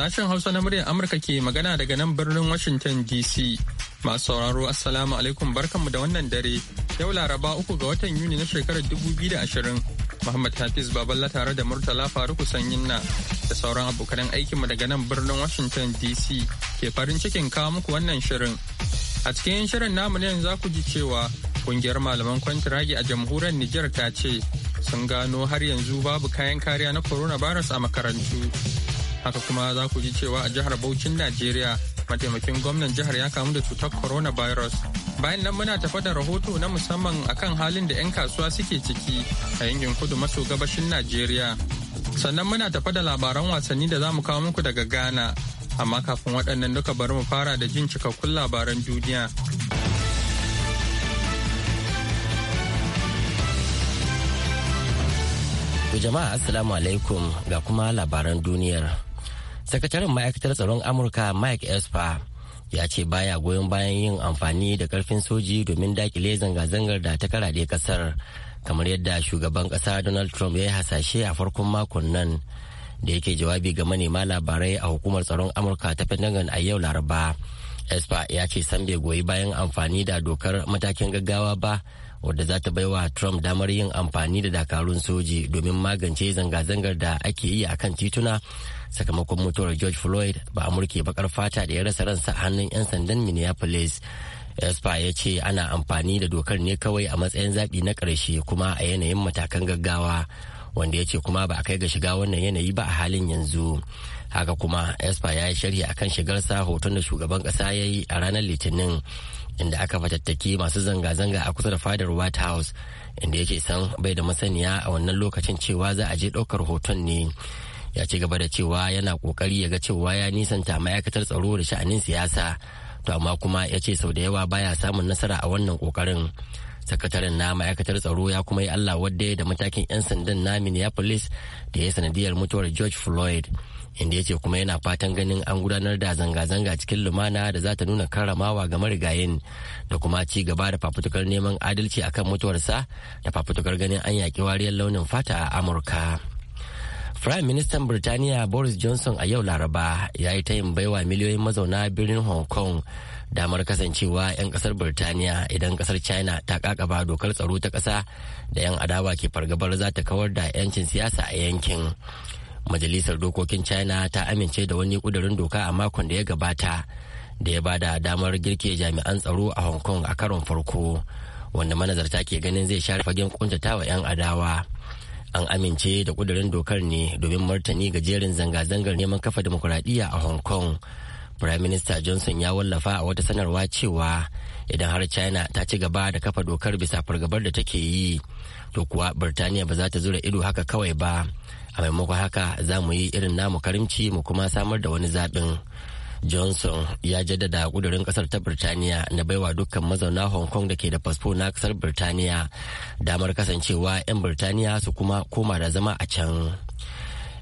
Sashen Hausa na muryar Amurka ke magana daga nan birnin Washington DC. Masu sauraro Assalamu alaikum barkanmu da wannan dare. Yau Laraba uku ga watan Yuni na shekarar dubu biyu da ashirin Muhammad Hafiz Baballa tare da Murtala Faruku Sanyin na da sauran abokan aikinmu daga nan birnin Washington DC ke farin cikin kawo muku wannan shirin. A cikin shirin namu ne za ku ji cewa kungiyar malaman kwantiragi a jamhuriyar Nijar ta ce sun gano har yanzu babu kayan kariya na coronavirus a makarantu. haka kuma za ku ji cewa a jihar Bauchin Najeriya mataimakin gwamnan jihar ya kamu da cutar coronavirus. Bayan nan muna tafa da rahoto na musamman akan halin da 'yan kasuwa suke ciki a yankin kudu maso gabashin Najeriya. Sannan muna tafa da labaran wasanni da za mu kawo muku daga Ghana. Amma kafin waɗannan duka bari mu fara da jin cikakkun labaran duniya. jama'a assalamu alaikum ga kuma labaran duniyar sakataren ma'aikatar tsaron amurka mike espa ya ce baya goyon bayan yin amfani da karfin soji domin dakile zanga-zangar da ta karaɗe kasar kamar yadda shugaban kasa donald trump ya yi hasashe a farkon makon nan da yake jawabi ga manema labarai a hukumar tsaron amurka ta pentagon a yau laraba espa ya ce san bai goyi bayan amfani da dokar matakin gaggawa ba wadda za ta baiwa Trump damar yin amfani da dakarun soji domin magance zanga-zangar da ake yi a kan tituna sakamakon mutuwar George Floyd ba a murke bakar fata da ya rasa ransa a hannun 'yan sandan Minneapolis. Espa ya ce ana amfani da dokar ne kawai a matsayin zaɓi na ƙarshe kuma a yanayin matakan gaggawa. wanda ya ce kuma ba a kai ga shiga wannan yanayi ba a halin yanzu haka kuma espa ya yi sharhi akan shigarsa hoton da shugaban kasa ya yi a ranar litinin inda aka fatattaki masu zanga-zanga a kusa da fadar white house inda ya ce san bai da masaniya a wannan lokacin cewa za a je ɗaukar hoton ne ya ci gaba da cewa yana kokari ya ga cewa ya nisanta ma'aikatar tsaro da sha'anin siyasa to amma kuma ya ce sau da yawa baya samun nasara a wannan kokarin sakataren na ma'aikatar tsaro ya kuma yi allah wadda da matakin 'yan sandan na minneapolis da ya sanadiyar mutuwar george floyd inda ya ce kuma yana fatan ganin an gudanar da zanga-zanga cikin lumana da za ta nuna karramawa ga marigayin da kuma ci gaba da fafutukar neman adalci akan mutuwarsa da fafutukar ganin an yaƙi wariyar launin fata a amurka Prime Ministan Birtaniya Boris Johnson a yau Laraba ya yi ta yin baiwa miliyoyin mazauna birnin Hong Kong damar kasancewa 'yan kasar birtaniya idan kasar china ta kakaba dokar tsaro ta kasa da 'yan adawa ke fargabar za ta kawar da 'yancin siyasa a yankin majalisar dokokin china ta amince da wani kudurin doka a makon da ya gabata da ya bada damar girke jami'an tsaro a hong kong a karon farko wanda manazarta ke ganin zai share fagen kuntatawa 'yan adawa an amince da kudurin dokar ne domin martani ga jerin zanga-zangar neman kafa demokuraɗiyya a hong kong Firaminista Johnson ya wallafa a wata sanarwa cewa idan har China ta ci gaba da kafa dokar bisa fargabar da take yi, to kuwa Birtaniya ba za ta zura ido haka kawai ba. A maimakon haka za mu yi irin namu karimci mu kuma samar da wani zaɓin. Johnson ya jaddada kudurin ƙasar ta Birtaniya na baiwa dukkan mazauna Hong Kong da ke da fasfo na kasar Birtaniya damar kasancewa 'yan Birtaniya su kuma koma da zama a can.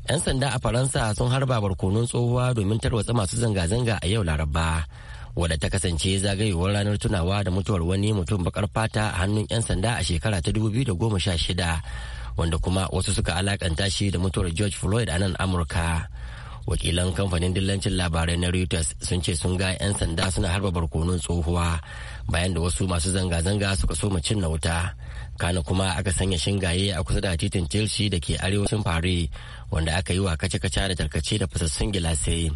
'yan sanda a faransa sun harba barkonon tsohuwa domin tarwatsa masu zanga-zanga a yau laraba wadda ta kasance zagayowar ranar tunawa da mutuwar wani mutum bakar fata a hannun 'yan sanda a shekara ta 2016 wanda kuma wasu suka alakanta shi da mutuwar george floyd a nan amurka wakilan kamfanin dillancin labarai na reuters sun ce sun ga 'yan sanda suna harba barkonon tsohuwa bayan da wasu masu zanga-zanga suka so cin na wuta kana kuma aka sanya shingaye a kusa da titin chelsea da ke arewacin Paris wanda aka yi wa kace kaca da tarkace da fasassun gilasai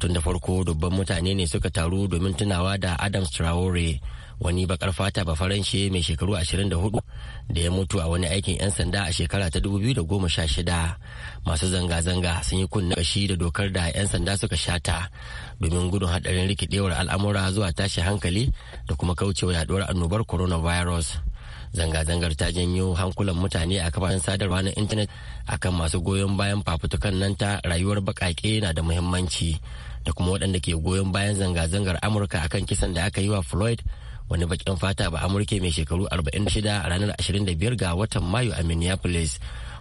tun da farko dubban mutane ne suka taru domin tunawa da adams traore wani bakar fata ba faranshe mai shekaru 24 da ya mutu a wani aikin 'yan sanda a shekara ta 2016 masu zanga-zanga sun yi kunna kashi da dokar da 'yan sanda suka shata domin gudun hadarin rikidewar al'amura zuwa tashi hankali da kuma kaucewa yaduwar annobar coronavirus. zanga-zangar ta janyo hankulan mutane a kafafen sadarwa na intanet akan masu goyon bayan fafutukan nan ta rayuwar bakake na da muhimmanci da kuma waɗanda ke goyon bayan zanga-zangar amurka akan kisan da aka yi wa floyd wani bakin fata ba amurke mai shekaru 46 a ranar 25 ga watan mayu a minneapolis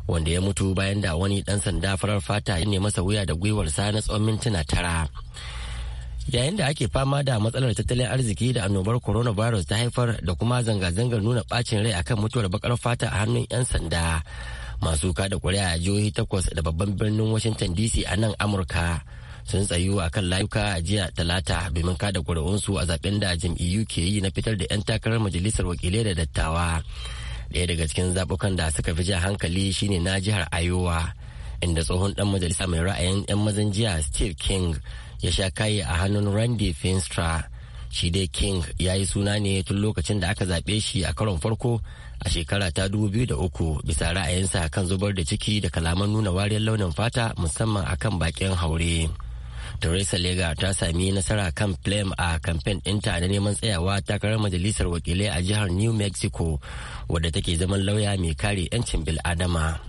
wanda ya mutu bayan da wani dan sanda farar fata ya ne masa wuya da gwiwarsa na tsawon mintuna tara yayin da ake fama da matsalar tattalin arziki da annobar coronavirus ta haifar da kuma zanga-zangar nuna bacin rai akan mutuwar bakar fata a hannun 'yan sanda masu kada kuri'a a jihohi takwas da babban birnin washington dc a nan amurka sun tsayu a kan layuka a jiya talata domin kada kuri'unsu a zaben da jam'iyyu ke yi na fitar da 'yan takarar majalisar wakilai da dattawa ɗaya daga cikin zaɓukan da suka fi jan hankali shine na jihar ayowa inda tsohon ɗan majalisa mai ra'ayin 'yan mazan jiya steve king ya sha kayi a hannun randy finstra shi dai king ya yi suna ne tun lokacin da aka zaɓe shi a karon farko a shekara ta uku bisa ra'ayinsa kan zubar da ciki da kalaman nuna wariyar launin fata musamman akan bakin haure Theresa Lega ta sami nasara kan Flem a kamfen ɗinta na neman tsayawa takarar majalisar wakilai a jihar New Mexico wadda take zaman lauya mai kare 'yancin bil'adama.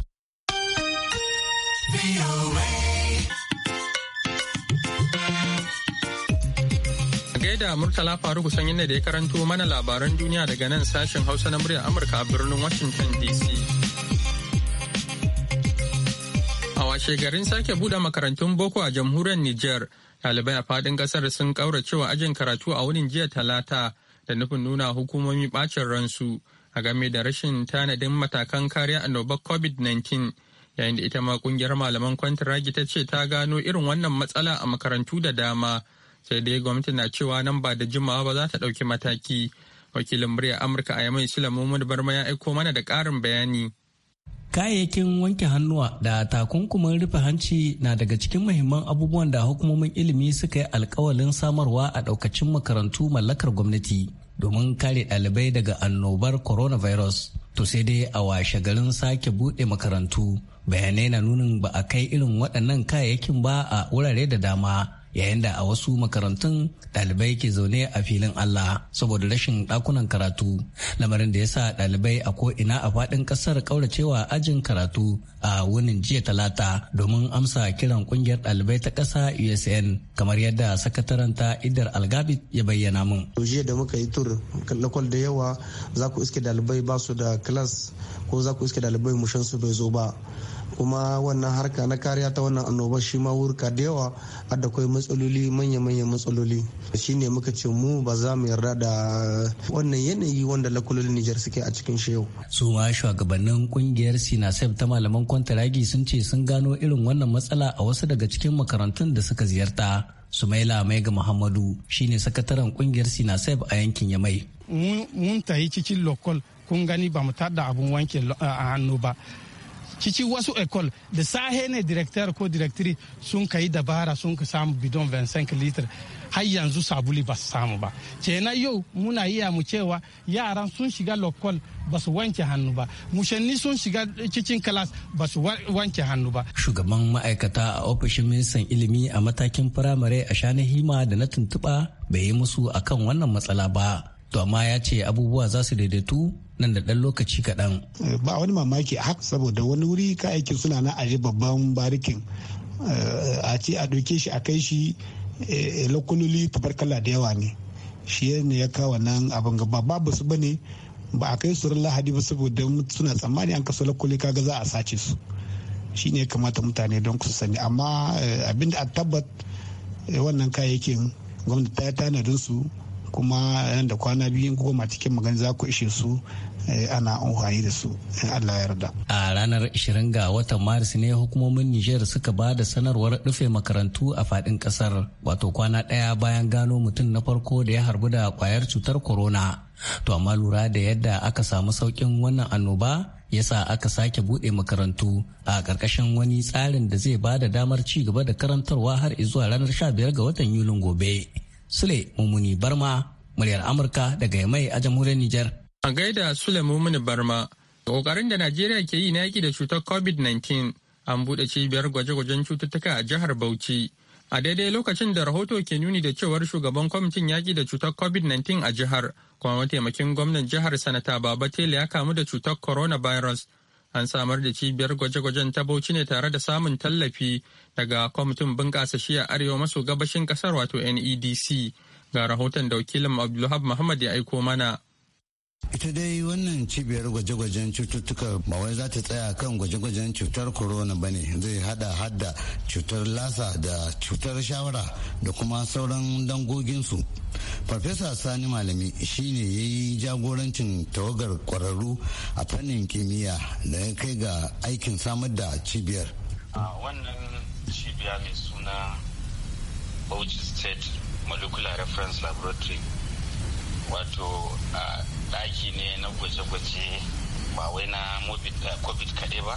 da Murtala Faruku sanyin da ya karanto mana labaran duniya daga nan sashen Hausa na muryar Amurka a birnin Washington DC. A washe garin sake bude makarantun boko a jamhuriyar Nijar, ɗalibai a fadin ƙasar sun kauracewa ajin karatu a wurin jiya talata da nufin nuna hukumomi bacin ransu a game da rashin tanadin matakan kariya annobar COVID-19. Yayin da ita ma kungiyar malaman ragi ta ce ta gano irin wannan matsala a makarantu da dama sai dai gwamnati na cewa nan ba da jimawa ba za ta ɗauki mataki wakilin murya amurka a mu silamu barma ya aiko mana da karin bayani kayayyakin wanke hannuwa da takunkumin rufe hanci na daga cikin muhimman abubuwan da hukumomin ilimi suka yi alkawalin samarwa a daukacin makarantu mallakar gwamnati domin kare ɗalibai daga annobar coronavirus to sai dai a washe garin sake buɗe makarantu bayanai na nunin ba a kai irin waɗannan kayayyakin ba a wurare da dama yayin da a wasu makarantun ɗalibai ke zaune a filin Allah saboda rashin ɗakunan karatu lamarin da ya sa ɗalibai a ina a faɗin ƙasar ƙauracewa ajin karatu a wunin jiya talata domin amsa kiran ƙungiyar ɗalibai ta ƙasa USN kamar yadda sakataranta Idar Algabit ya bayyana mun. Jiya da muka yi tur lakwal da yawa za ku iske ɗalibai ba su da kilas ko za ku iske ɗalibai mushansu bai zo ba. kuma wannan harka na kariya ta wannan annoba shi ma wurka da yawa adda akwai matsaloli manya-manyan matsaloli shine muka ce mu ba za mu yarda da wannan yanayi wanda lakulolin Nijar suke a cikin shi yau. Su ma shugabannin kungiyar Sinasef ta malaman kwantaragi sun ce sun gano irin wannan matsala a wasu daga cikin makarantun da suka ziyarta. Sumaila ga Muhammadu shine sakataren kungiyar Sinasef a yankin Yamai. Mun tayi cikin lokal kun gani ba mu tada abun wanke a eh, hannu ba. cici wasu ecole da sahe ne director ko directory sun ka yi dabara sun ka samu bidon 25 litre har yanzu sabuli ba su samu ba kenan yau muna iya mu cewa yaran sun shiga lokol ba su wanke hannu ba mushanni sun shiga cikin kalas ba su wanke hannu ba shugaban ma'aikata a ofishin ministan ilimi a matakin firamare a shanahima da na tuntuɓa bai yi musu akan wannan matsala ba to amma ya ce abubuwa za su daidaitu nan da ɗan lokaci kaɗan. Eh, ba wani mamaki a haka saboda wani wuri ka aiki suna na aje babban barikin eh, a ce a ɗauke shi a kai shi eh, lokuloli tabarkala da yawa ne shi ne ya kawo nan abin gaba babu su bane ba a kai su lahadi ba saboda suna tsammani an kasa lokuli kaga za a sace su shi ne ya kamata mutane don su sani amma abinda a tabbat wannan kayayyakin gwamnati ta tanadin su kuma nan kwana biyu goma cikin magani za ku ishe su eh, ana amfani da su in Allah yarda. A ranar 20 ga watan Maris ne hukumomin Nijar suka ba da sanarwar rufe makarantu a fadin kasar wato kwana ɗaya bayan gano mutum na farko da ya harbu da kwayar cutar corona. To amma lura da yadda aka samu saukin wannan annoba yasa aka sake buɗe makarantu a ƙarƙashin wani tsarin da zai ba da damar ci gaba da karantarwa har izuwa ranar 15 ga watan Yulin gobe. Sule Mumuni Barma, muryar Amurka daga Yamai a jamhuriyar Nijar. A gaida Sule Mumuni Barma, ƙoƙarin da Najeriya ke yi na yaki da cutar COVID-19 an buɗe cibiyar gwaje-gwajen cututtuka a jihar Bauchi. A daidai lokacin da rahoto ke nuni da cewar shugaban kwamitin yaƙi da cutar COVID-19 a jihar, kuma mataimakin gwamnan jihar Sanata Baba Tele ya kamu da cutar coronavirus an samar da cibiyar gwaje-gwajen ta bauchi ne tare da samun tallafi daga kwamitin bunƙasa shi a arewa maso gabashin ƙasar wato nedc ga rahoton da wakilin abdulhab muhammad ya aiko mana Ita dai wannan cibiyar gwaje-gwajen cututtuka ba wai za ta tsaya kan gwaje-gwajen cutar corona ba ne zai hada hada cutar lasa da cutar shawara da kuma sauran dangoginsu. Farfesa Sani Malami shine ya yi jagorancin tawagar kwararru a fannin kimiyya da ya kai ga aikin samar da cibiyar. Wannan cibiya mai suna Bauchi State Molecular Reference Laboratory wato ɗaki ne na gwaje-gwaje ba wai na eh, covid kaɗai ba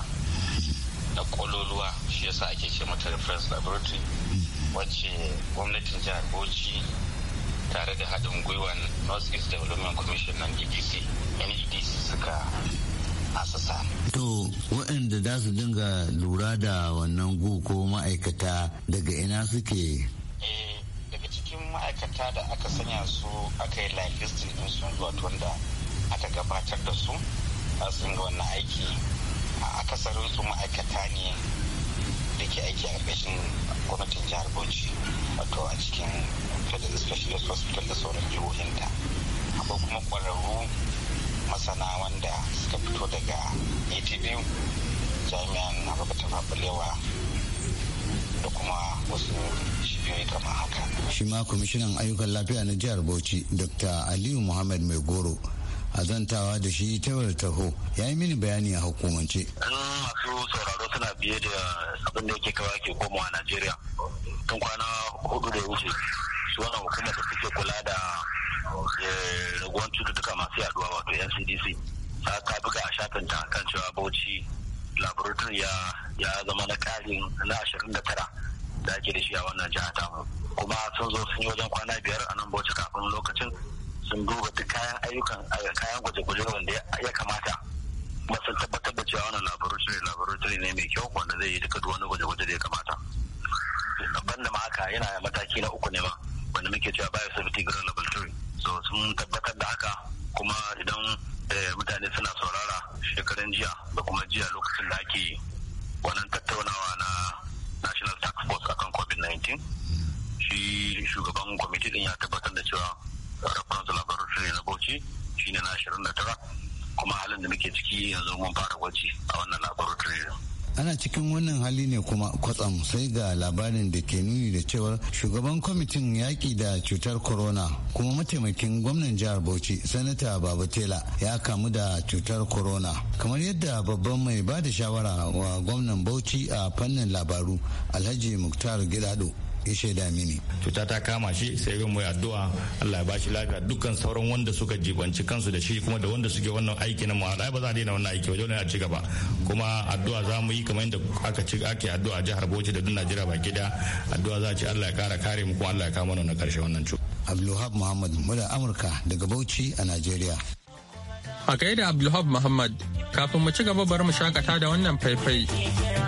na kololuwa shi yasa ake ce mata reference laboratory wacce gwamnatin jihar bauchi tare da haɗin gwiwan north east development commission na edc edc suka asasa to waɗanda za su dinga lura da wannan gu ko ma'aikata daga ina suke eh ma'aikata da aka sanya su aka yi listin din su wato wanda aka gabatar da su a sun ga wannan aiki a akasarin su ma'aikata ne da ke aiki a ƙarƙashin gwamnatin jihar bauchi wato a cikin federal specialist hospital da sauran ta akwai kuma ƙwararru masana wanda suka fito daga atb jami'an abubakar fabulewa da kuma wasu hanyoyi kamar haka shi ma kwamishinan ayyukan lafiya na jihar bauchi dr aliyu muhammad mai goro azantawa da shi ta taho ya yi mini bayani a hukumance. masu sauraro suna biye da abin da yake kawai ke komawa Najeriya tun kwana hudu da ya wuce su wannan hukumar da suke kula da eh, raguwar cututtuka masu yaduwa wato NCDC ta ta buga a shafin ta kan cewa Bauchi laboratory ya zama na ƙarin na ashirin da tara da da shi a wannan jiha ta kuma sun zo sun yi wajen kwana biyar a nan bauchi kafin lokacin sun duba duk kayan ayyukan kayan gwaje-gwaje wanda ya kamata kuma sun tabbatar da cewa wannan laboratory laboratory ne mai kyau wanda zai yi duka wani gwaje-gwaje da ya kamata ban da haka yana mataki na uku ne ma wanda muke cewa biosafety grade laboratory so sun tabbatar da haka kuma idan eh, mutane suna saurara shekaran jiya da kuma jiya lokacin da ake wannan tattaunawa na national task force akan covid-19 shi shugaban kwamiti din ya tabbatar da cewa reference laboratory na bauchi shine na 29 kuma halin da muke ciki yanzu mun fara gwaji a wannan laboratory ana cikin wannan hali ne kuma kwatsam sai ga labarin da ke nuni da cewar shugaban kwamitin yaƙi da cutar corona kuma mataimakin gwamnan jihar bauchi sanata babatela ya kamu da cutar corona kamar yadda babban mai ba da shawara wa gwamnan bauchi a fannin labaru alhaji muktar gidado ya shaida mini cuta ta kama shi sai yi mai addu'a Allah ya ba shi lafiya dukkan sauran wanda suka jibanci kansu da shi kuma da wanda suke wannan aiki na mu'ada ba za a daina wannan aiki wajen a ci gaba kuma addu'a za mu yi kamar yadda aka ci ake addu'a a jihar Bauchi da duk Najeriya baki da addu'a za a ci Allah ya kara kare mu kuma Allah ya kama na karshe wannan cuta Abdulhab Muhammad muda Amurka daga Bauchi a Najeriya a da Abdulhab Muhammad kafin mu ci gaba bari mu shakata da wannan faifai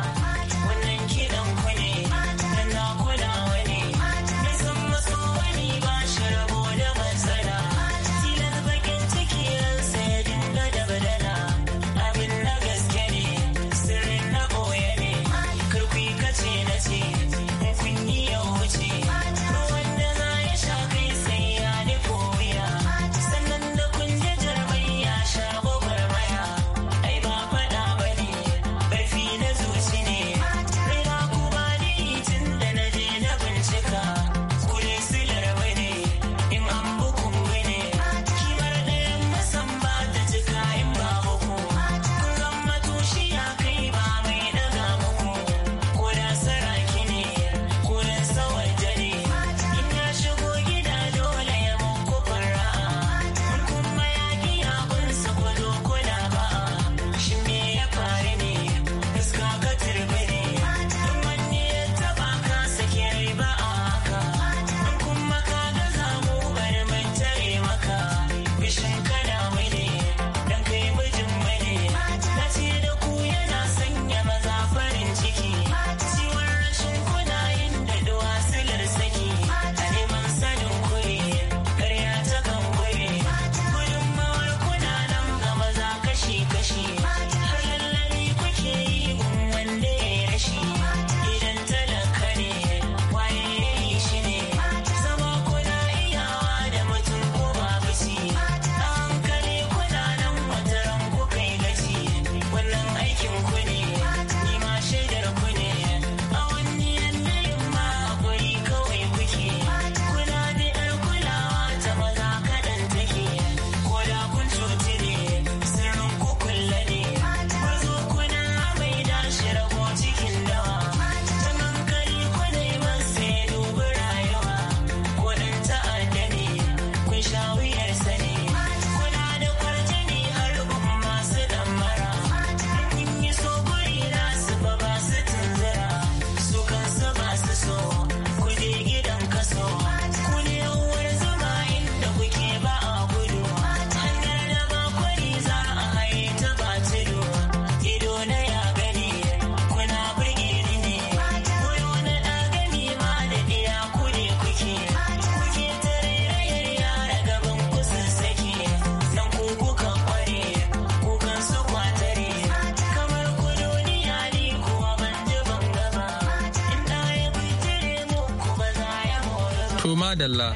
To madalla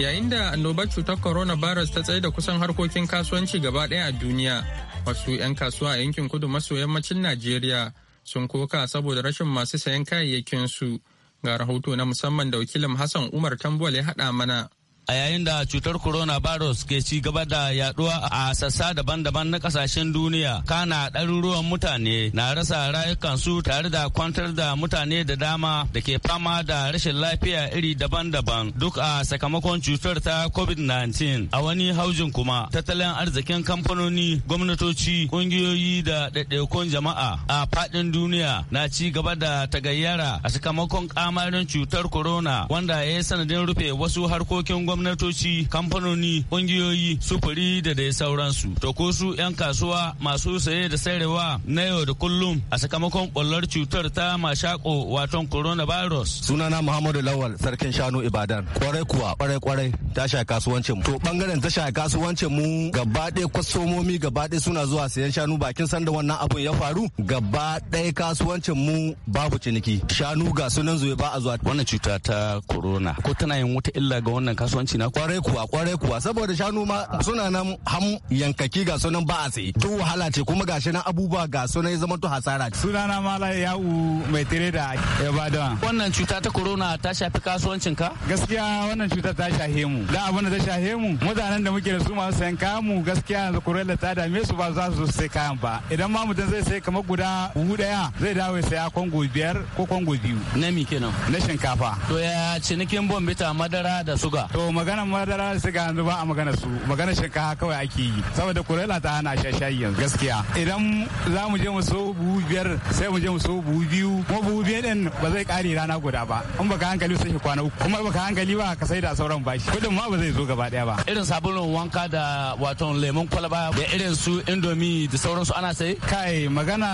yayin da annobar cutar Virus ta tsaye da kusan harkokin kasuwanci gaba ɗaya a duniya wasu 'yan kasuwa a yankin kudu maso yammacin Najeriya sun koka saboda rashin masu sayan kayayyakin su ga rahoto na musamman da wakilin Hassan Umar Tambol ya haɗa mana. a yayin da cutar corona virus ke ci gaba da yaduwa a sassa daban-daban na kasashen duniya kana ɗaruruwan mutane na rasa rayukansu tare da kwantar da mutane da dama da ke fama da rashin lafiya iri daban-daban duk a sakamakon cutar ta covid-19 a wani haujin kuma tattalin arzikin kamfanoni gwamnatoci ƙungiyoyi da ɗaiɗaikun jama'a a faɗin duniya na ci gaba da tagayyara a sakamakon kamarin cutar corona wanda ya yi sanadin rufe wasu harkokin gwamnati gwamnatoci kamfanoni kungiyoyi, sufuri da dai sauransu to ko su 'yan kasuwa masu saye da sayarwa na yau da kullum a sakamakon ɓullar cutar ta mashako waton coronavirus sunana muhammadu lawal sarkin shanu ibadan kwarai kuwa kwarai kwarai ta sha kasuwancin to bangaren ta sha kasuwancin mu gaba ɗaya kwasomomi gaba ɗaya suna zuwa sayan shanu bakin sanda wannan abun ya faru gaba ɗaya kasuwancin mu babu ciniki shanu ga sunan zuwa ba a zuwa wannan cuta ta corona ko tana yin wata illa ga wannan kasuwancin shugabanci na kwarai kuwa kwarai kuwa saboda shanu ma suna nan ham yankaki ga sunan ba a tsaye duk wahala ce kuma gashi nan abubuwa ga sunan ya zama to hasara sunana mala yawu mai tire da ibadan wannan cuta ta corona ta shafi kasuwancin ka gaskiya wannan cuta ta shafe mu da abin da ta shafe mu mutanen da muke da su masu sayan kayan mu gaskiya yanzu corona ta dame su ba za su sai kayan ba idan ma mutum zai sai kamar guda buhu daya zai dawo ya saya kongo biyar ko kongo biyu na mi kenan na shinkafa to ya cinikin bombita madara da suga to magana madara sai ga yanzu ba a magana su magana shinkafa kawai ake yi saboda kurela ta hana sha shayi yanzu gaskiya idan za mu je mu so buhu biyar sai mu je mu so buhu biyu kuma buhu biyar din ba zai kare rana guda ba in baka hankali sai kwana uku kuma baka hankali ba ka sai da sauran bashi kudin ma ba zai zo gaba daya ba irin sabulun wanka da wato lemon kwalba da irin su indomi da sauransu ana sai kai magana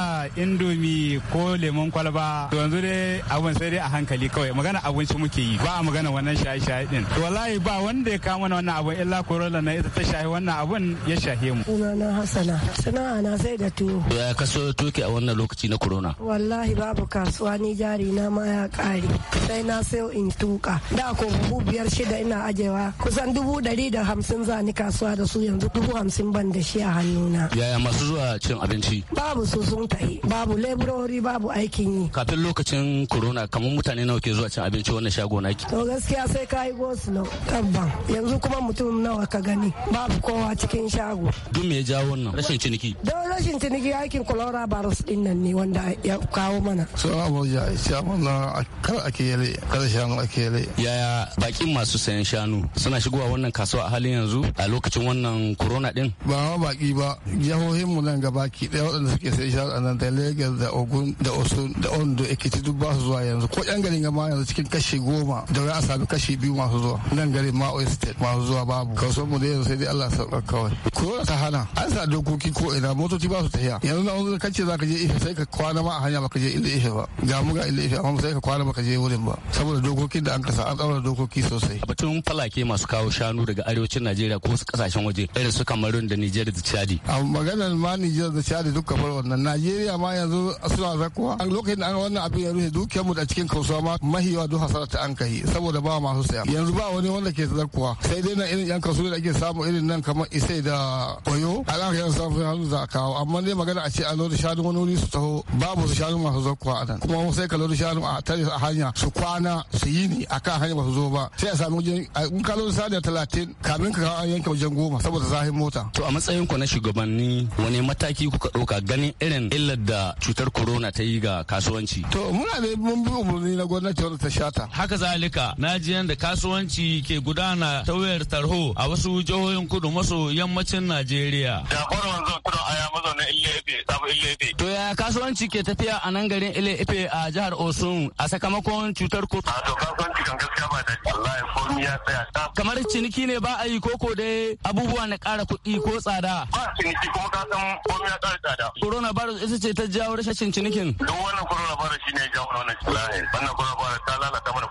indomi ko lemon kwalba to yanzu dai abun sai dai a hankali kawai magana abinci muke yi ba a magana wannan shaye-shaye din wallahi ba ba wanda ya kama mana wannan abu illa rola na ita ta shahi wannan abun ya shahi mu sunana hasana sana'a na sai da tuwo ya kaso tuki a wannan lokaci na corona wallahi babu kasuwa ni jari na ma ya kare sai na sayo in tuka da ko buhu biyar shida ina ajewa kusan dubu dari da hamsin za ni kasuwa da su yanzu dubu hamsin ban da shi a hannuna yaya masu zuwa cin abinci babu su sun tahi babu leburori babu aikin yi kafin lokacin corona kamar mutane nawa ke zuwa cin abinci wannan shago naki to gaskiya sai ka yi gosulo tabban yanzu kuma mutum nawa ka gani babu kowa cikin shago duk me ya jawo wannan rashin ciniki don rashin ciniki aikin kolora virus din nan ne wanda ya kawo mana so abuja shafin mana kar ake yale kar shanu ake yale yaya bakin masu sayan shanu suna shigowa wannan kasuwa a halin yanzu a lokacin wannan corona din ba ma baki ba jihohin mu nan gabaki daya wadanda suke sayan shanu a nan da lagos da ogun da osun da ondo ekiti duk ba su zuwa yanzu ko yan garin gama yanzu cikin kashi goma da za a sami kashi biyu masu zuwa nan bangaren ma oyster state masu zuwa babu kaso mu dai yanzu sai dai Allah sauka kawai ko ta hana an sa dokoki ko ina motoci ba su tafiya yanzu na wanzu kace zaka je ishe sai ka kwana ma a hanya baka je illa ishe ba ga mu ga illa ishe amma sai ka kwana baka je wurin ba saboda dokokin da an kasa an tsaura dokoki sosai batun falake masu kawo shanu daga arewacin Najeriya ko su kasashen waje irin su Cameroon da Niger da Chad a maganar ma Niger da Chad duk kafar wannan Najeriya ma yanzu suna zakuwa lokacin da an wannan abin ya rufe dukiyar mu da cikin kausawa ma mahiyawa duk hasara ta an kai saboda ba masu saya yanzu ba wani wanda take kuwa sai dai na irin yan kasuwa da ake samu irin nan kamar isai da koyo a yan samu hannu za a kawo amma dai magana a ce a lori shanu wani wuri su taho babu su shanu masu kuwa a nan kuma sai ka lori shanu a tare a hanya su kwana su yi ni a kan hanya ba su zo ba sai a samu wajen in ka lori saniya talatin kamin ka kawo an yanke wajen goma saboda zahin mota. to a matsayin ku na shugabanni wani mataki kuka ɗauka ganin irin illar da cutar corona ta yi ga kasuwanci. to muna da mun bi umarni na gwamnati wanda ta shata. haka zalika na ji kasuwanci ke gudana ta wayar tarho a wasu jihohin kudu maso yammacin Najeriya. Jafaru wanzu kudu a ya mazaunin Ile Ife, Sabu Ile Ife. To ya kasuwanci ke tafiya a nan garin Ile Ife a jihar Osun a sakamakon cutar ko. A to kasuwanci kan gaskiya ba da Allah ya komi ya tsaya. Kamar ciniki ne ba a yi koko dai abubuwa na ƙara kuɗi ko tsada. Ba ciniki kuma ka san komi ya ƙara tsada. Corona virus ita ce ta jawo rashin cinikin. Duk wannan corona virus shi ne ya jawo wannan cikin. Wannan corona virus ta lalata mana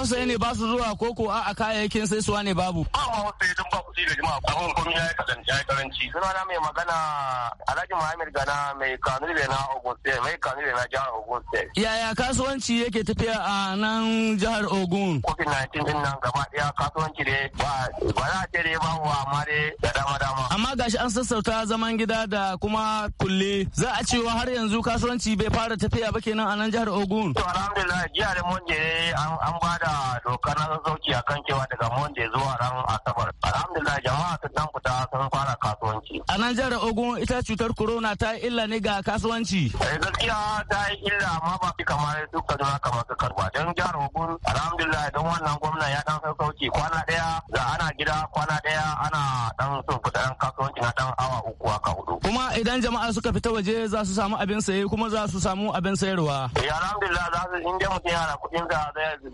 hausa ne ba su zuwa ko ko a kayayyakin sai suwa ne babu. Ba ma wasu ya ba kuɗi da jama'a abin ya yi ya yi karanci. na mai magana Alhaji Muhammad Gana mai kanu da na Ogun State mai kanu da na jihar Ogun State. Yaya kasuwanci yake tafiya a nan jihar Ogun? Covid 19 din nan gaba ɗaya kasuwanci ne ba ba za a ce ne babu wa amma dai da dama dama. Amma gashi an sassauta zaman gida da kuma kulle za a cewa har yanzu kasuwanci bai fara tafiya ba kenan a nan jihar Ogun. To alhamdulillah jiya da mun je an ba da da dokar na a kan cewa daga Monday zuwa ran Asabar. Alhamdulillah jama'a sun dan fita sun fara kasuwanci. A nan jihar Ogun ita cutar corona ta yi illa ne ga kasuwanci. Eh gaskiya ta yi illa amma ba fi kamar duk zuwa kamar su karba. Don jihar Ogun alhamdulillah don wannan gwamna ya dan sassauci kwana daya da ana gida kwana daya ana dan so fita dan kasuwanci na dan awa uku haka hudu. Kuma idan jama'a suka fita waje za su samu abin saye kuma za su samu abin sayarwa. Eh alhamdulillah za su inda mutum yana kuɗin sa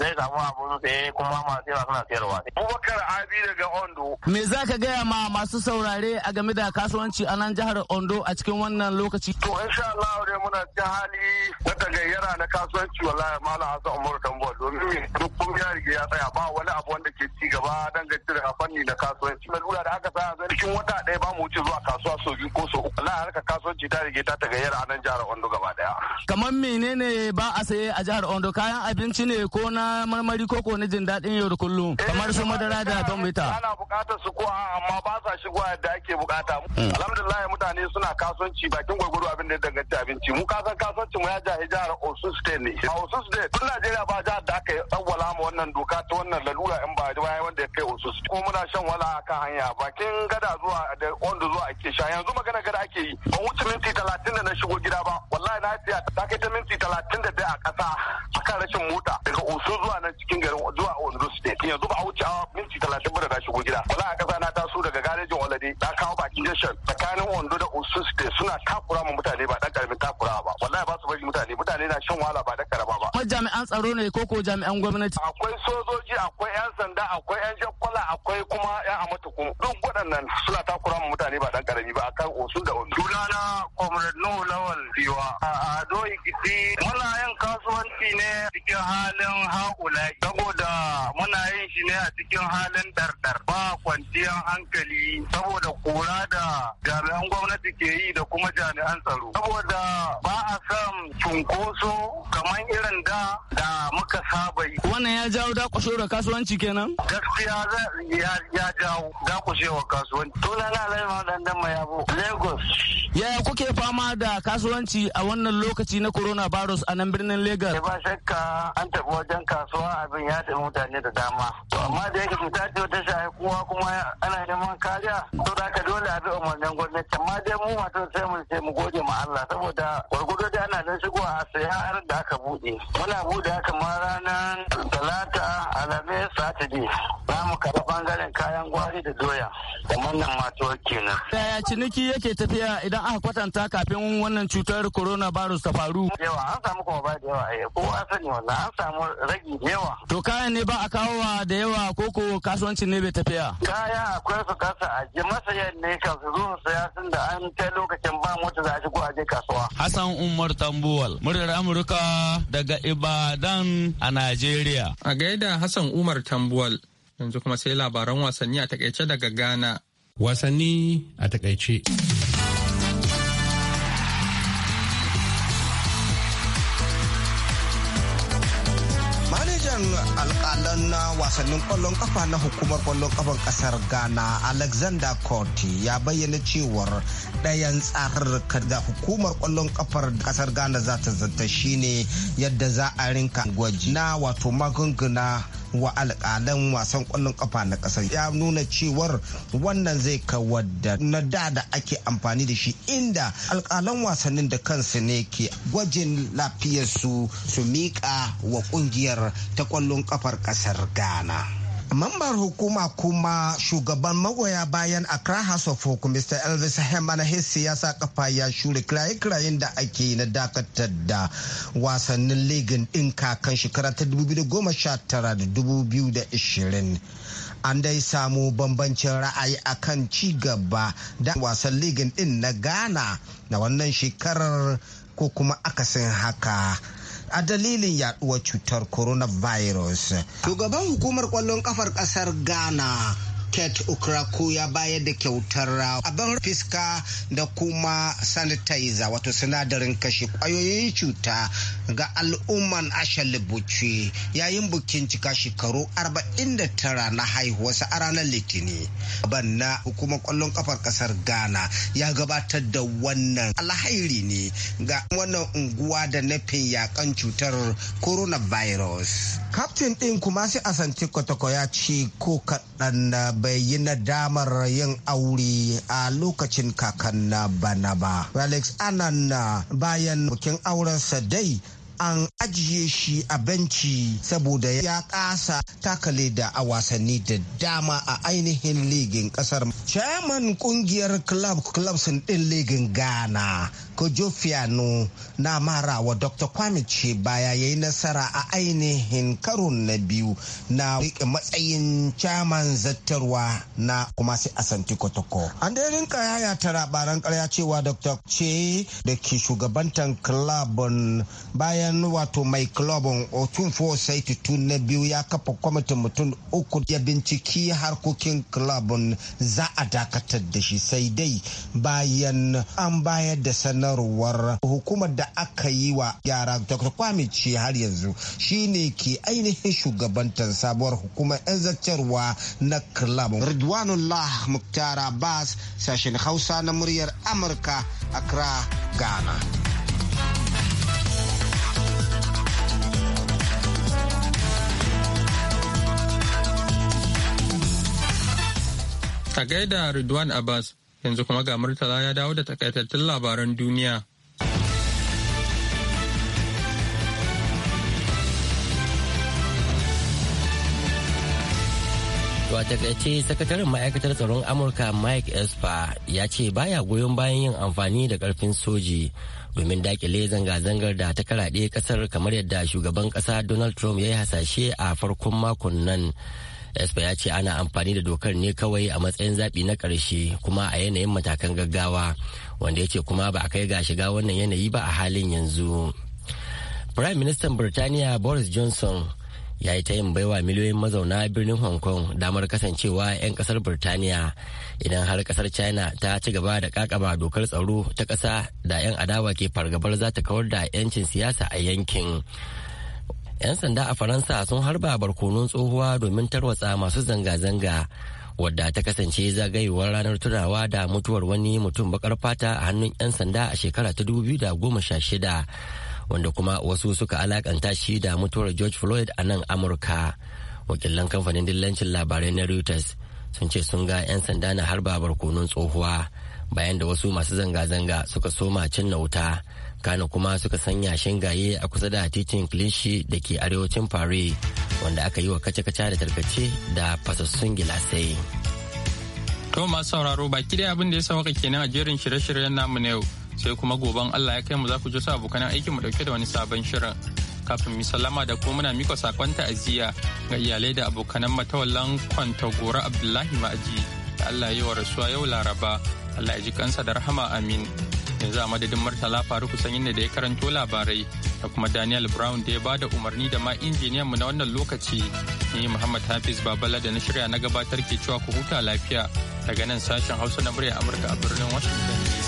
zai samu abun tsaye kuma masu yawa suna sayarwa. Bubakar Abi daga Ondo. Me za ka gaya ma masu saurare a game da kasuwanci a nan jihar Ondo a cikin wannan lokaci? To insha Allah dai muna ci hali na tagayyara na kasuwanci wallahi Malam hasa Umar Tambuwa domin duk kun ya rige ya tsaya ba wani abu wanda ke ci gaba dangance da fanni na kasuwanci. Na lura da aka tsaya zan cikin wata ɗaya ba mu wuce zuwa kasuwa sau biyu ko sau uku. Allah harkar kasuwanci ta rige ta tagayyara a nan jihar Ondo gaba ɗaya. Kamar menene ba a saye a jihar Ondo kayan abinci ne ko na marmari kwari koko na jin daɗin yau da kullum eh, kamar su madara da tomita. Ana bukatar su kuwa amma ba sa shigo yadda ake bukata hmm. Alhamdulillah mutane suna kasuwanci bakin gwagwaro abin da ya danganci abinci. Mu kasan kasuwanci mu ya jahi jihar Osun State ne. A Osun State tun Najeriya ba jihar da aka tsawwala mu wannan doka ta wannan lalura in ba bayan wanda ya kai Osun State. Ko muna shan wala a kan hanya bakin gada zuwa da wanda zuwa ake sha yanzu magana gada ake yi. Ban wuce minti talatin da na shigo gida ba. Wallahi na ta kai ta minti talatin da daya a ƙasa akan rashin mota daga Osun zuwa nan cikin garin zuwa Ondo State yanzu ba wuce minti talatin ba da na shigo gida wala a kasa na taso daga garejin Olade na kawo bakin shan. tsakanin Ondo da Osun State suna takura ma mutane ba dan karamin takura ba wallahi ba su bari mutane mutane na shan wahala ba dan jami'an tsaro ne ko ko jami'an gwamnati akwai sojoji akwai yan sanda akwai yan jakwala akwai kuma yan amatuku duk waɗannan suna takura mu mutane ba dan karami ba akan osun da osun na comrade nuhu lawal biwa a ado ikiti muna yin kasuwanci ne cikin halin haƙulai saboda muna yin shi ne a cikin halin dardar ba kwanciyar hankali saboda kura da jami'an gwamnati ke yi da kuma jami'an tsaro saboda ba a san cunkoso kamar irin da Da da muka saba yi. Wannan ya jawo da kasuwanci kenan? Gaskiya ya jawo dakushewar kasuwanci. Tuna na dan waɗannan mayabo. Lagos. Yaya kuke fama da kasuwanci a wannan lokaci na coronavirus a nan birnin Lagos? Ba shakka an taɓa wajen kasuwa abin ya taɓa mutane da dama. To amma da yake cuta ce ta shaye kowa kuma ana neman kariya. To da ka dole a bi umarnin gwamnati. Amma dai mu masu sai mu sai mu gode ma Allah saboda gwargwado da ana da shigowa a sai har da aka buɗe. muna bude kamar ranar talata alhamis saturday za mu karɓi bangaren kayan gwari da doya da wannan matuwa kenan. yaya ciniki yake tafiya idan aka kwatanta kafin wannan cutar coronavirus ta faru. yawa an samu kuma ba da yawa a eh, kowa sani wannan an samu ragi da yawa. to kayan ne ba a wa da yawa koko kasuwancin ne bai tafiya. kaya akwai su kasa a ji masayan ne kasu zuwa saya sun da an kai lokacin ba mota za a shigo je kasuwa. hassan umar tambuwal muryar amurka daga Ibadan a Najeriya. A gaida Hassan Umar Tambuwal, yanzu kuma sai labaran wasanni a takaice daga Ghana. Wasanni a takaice. wasannin kwallon kafa na hukumar kwallon kafan kasar ghana alexander Koti ya bayyana cewar ɗayan tsarurruka da hukumar kwallon kafar kasar ghana za ta zanta shine yadda za a rinka gwaji na wato magunguna wa alƙalan wasan ƙwallon ƙafa na ƙasar ya nuna cewar wannan zai kawar da na da da ake amfani da shi inda alƙalan wasannin da kansu ne ke gwajin lafiyarsu su miƙa wa ƙungiyar ta ƙwallon ƙafar ƙasar ghana Mambar hukuma kuma shugaban magoya bayan Accra House of Hoku Mr. Elvis hemana Hesse ya sa kafa ya shure kiraye-kirayen da ake na dakatar da wasannin ligin din kakan shekara ta 2019 da 2020. an dai samu bambancin ra'ayi akan ci gaba da wasan ligin din na ghana na wannan shekarar ko kuma akasin haka a dalilin yaduwar cutar coronavirus. Shugaban hukumar kwallon kafar kasar Ghana Kate Okrako ya bayar da kyautar abin fiska da kuma sanitizer wato sinadarin kashe kwayoyin cuta ga al'umman ashali yayin bukin cika shekaru 49 na haihuwarsa a ranar litini ban na hukumar kwallon kafar kasar ghana ya gabatar da wannan alhairi ne ga wannan unguwa da nufin yakan cutar coronavirus kaftin din kuma sai asanti kotoko ya ce ko kaɗan na bai yi damar yin aure a lokacin kakan na bana ba alex anan bayan bukin aurensa dai an ajiye shi a benci saboda ya kasa takale da a wasanni da dama a ainihin ligin kasar chairman kungiyar club clubs din ligin ghana Kojofiano na mara wa Dr. Kwame ce baya ya yi nasara a ainihin karon na biyu na matsayin caman zattarwa na kuma sai asanti kotoko. An da rinka yaya ta labaran karya cewa Dr. ce da ke shugabantan klabon bayan wato mai klabon otun sai tun na biyu ya kafa kwamitin mutum uku ya binciki harkokin klabon za a dakatar da shi sai dai bayan an bayar da sanar sanarwar hukumar da aka yi wa yara dr kwame ce har yanzu shine ke ainihin shugabantar sabuwar hukumar 'yan zartarwa na club ridwanullah muktar abbas sashen hausa na muryar amurka accra ghana a gaida ridwan abbas yanzu kuma ga murtala ya dawo da takaitattun labaran duniya a takaice sakataren ma'aikatar tsaron Amurka Mike espa ya ce baya goyon bayan yin amfani da karfin soji domin dakile zanga-zangar da ta karaɗe kasar kamar yadda shugaban ƙasa Donald Trump ya yi hasashe a farkon makon nan. espa ya ce ana amfani da dokar ne kawai a matsayin zaɓi na ƙarshe kuma a yanayin matakan gaggawa wanda ya ce kuma ba a kai ga shiga wannan yanayi ba a halin yanzu prime minister birtaniya boris johnson ya yi ta yin baiwa miliyoyin mazauna birnin hong kong damar kasancewa 'yan kasar birtaniya idan har kasar china ta ci gaba da kakaba dokar tsaro ta kasa da 'yan adawa ke fargabar za ta kawar da 'yancin siyasa a yankin 'yan sanda a faransa sun harba barkonon tsohuwa domin tarwatsa masu zanga-zanga wadda ta kasance zagayewar ranar tunawa da mutuwar wani mutum bakar fata a hannun 'yan sanda a shekara ta da goma sha shida, wanda kuma wasu suka alakanta shi da mutuwar george floyd a nan amurka wakilan kamfanin dillancin labarai na reuters sun ce sun ga 'yan sanda na harba barkonon tsohuwa bayan da wasu masu zanga-zanga suka soma cin na wuta kano kuma suka sanya shingaye a kusa da titin kilishi da ke arewacin fare wanda aka yi wa kace kaca da tarkace da fasassun gilasai to masu sauraro baki da abin da ya sauka kenan a jerin shirye-shiryen namu na yau sai kuma goben allah ya kai mu za ku ji su abokan aikin mu dauke da wani sabon shirin kafin misalama da kuma muna miko sakon ta'aziyya ga iyalai da abokanan matawallan gora abdullahi ma'aji da allah yi wa rasuwa yau laraba allah ya ji kansa da rahama amin yanzu a madadin martala faru kusan da ya karanto labarai da kuma daniel brown da ya ba da umarni da ma injiniyan mu na wannan lokaci ni muhammad hafiz babala da na shirya na gabatar ke cewa ku huta lafiya daga nan sashen hausa na murya amurka a birnin washington dc